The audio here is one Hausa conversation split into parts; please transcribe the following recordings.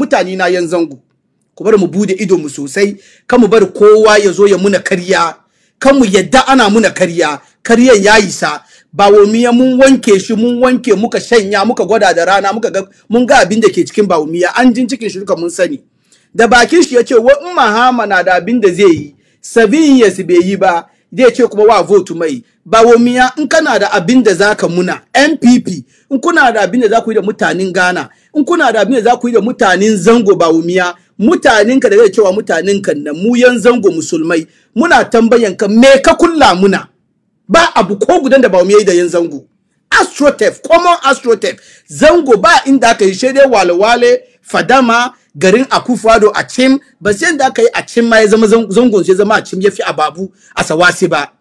mutane na yan zango ku bari mu bude ido mu sosai kan mu bari kowa ya zo ya muna karya kan mu yadda ana muna karya karyan ya isa ba womiya mun wanke shi mun wanke muka shanya muka gwada da rana muka ga mun ga abin da ke cikin ba womiya an jin cikin shi duka mun sani da bakin shi ya ce wa in mahama na da abin da zai yi sabin ya bai yi ba zai ce kuma wa vote mai ba womiya in kana da abin da zaka muna npp in kuna da abin da za yi da mutanen ghana in kuna da abin da za ku yi da mutanen zango ba wumiya mutanen ka da zai cewa mutanen kan na, mu yan zango musulmai muna tambayan ka me ka kulla muna ba abu ko gudan da ba wumiya da yan zango astrotef common astrotef zango ba inda aka yi shede wale-wale fadama garin akufado a cim ba sai da aka yi a cim ma ya zama zangon sai zama a cim ya fi ababu a sawasi ba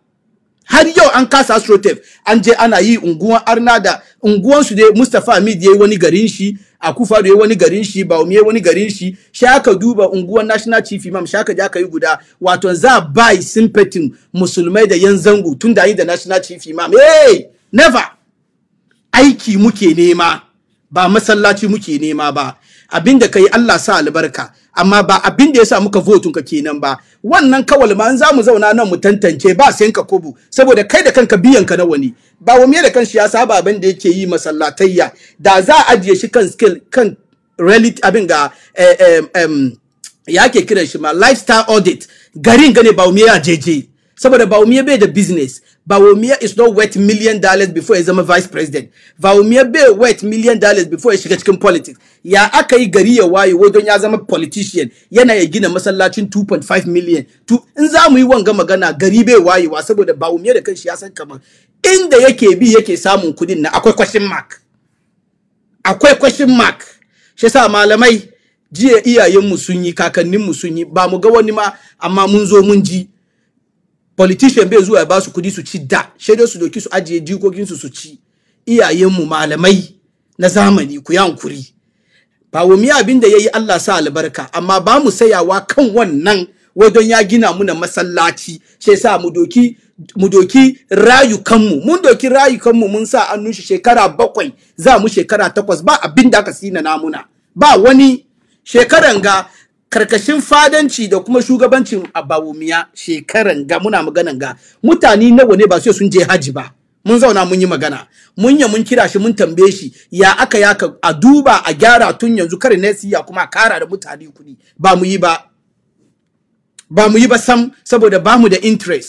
har yau an kasa astrotef an je ana yi unguwan arna da unguwan su dai mustapha amid yayi wani garin shi a kufa da wani garin shi ba umiye wani garin shi shaka duba unguwan national chief imam shaka ja aka yi guda wato za ba sympathy musulmai da yan zango tun da yi da national chief imam hey never aiki muke nema ba masallaci muke nema ba abinda kai Allah sa albarka amma ba abin da ya sa muka votun ka kenan ba wannan kawal ma an zamu zauna nan mu tantance ba sai ka kubu saboda kai da kanka biyan ka na wani ba wa da kan shi ya saba abin da yake yi masallatayya da za a ajiye shi kan skill kan reality abin ga eh, eh, ya ke kiran shi ma lifestyle audit garin gane ba mu ya jeje saboda Baumia bai da business Baumia is not worth million dollars before ya zama vice president Baumia bai worth million dollars before ya shiga cikin politics ya aka yi gari ya waye don ya zama politician yana ya gina masallacin 2.5 million in za mu yi wanga magana gari bai wayewa saboda Baumia da kanshi ya san kamar inda yake bi yake samun kudin na akwai question mark akwai question mark shi sa malamai jiya iyayenmu sun yi kakanninmu sun yi ba mu ga wani ma amma mun zo mun ji politician bai zuwa ya ba su kudi su ci da shaidar su doki su ajiye jikokinsu su ci iyayenmu malamai na zamani ku yankuri ba wumi abin da ya yi Allah sa albarka amma ba mu sayawa kan wannan wajen ya gina muna masallaci shi sa mu doki mu doki rayukanmu mun doki rayukanmu mun sa an nushi shekara bakwai za mu shekara takwas ba abin da aka sina namuna ba wani shekaran ga karkashin fadanci da kuma shugabancin abawumiya shekaran ga muna maganan ga mutane nawa ne ba sai sun je haji ba mun zauna mun yi magana mun ya mun kira shi mun tambaye shi ya aka ya a duba a gyara tun yanzu kar ne siya kuma a kara da mutane kuɗi ba mu yi ba ba mu yi ba sam saboda ba mu da interest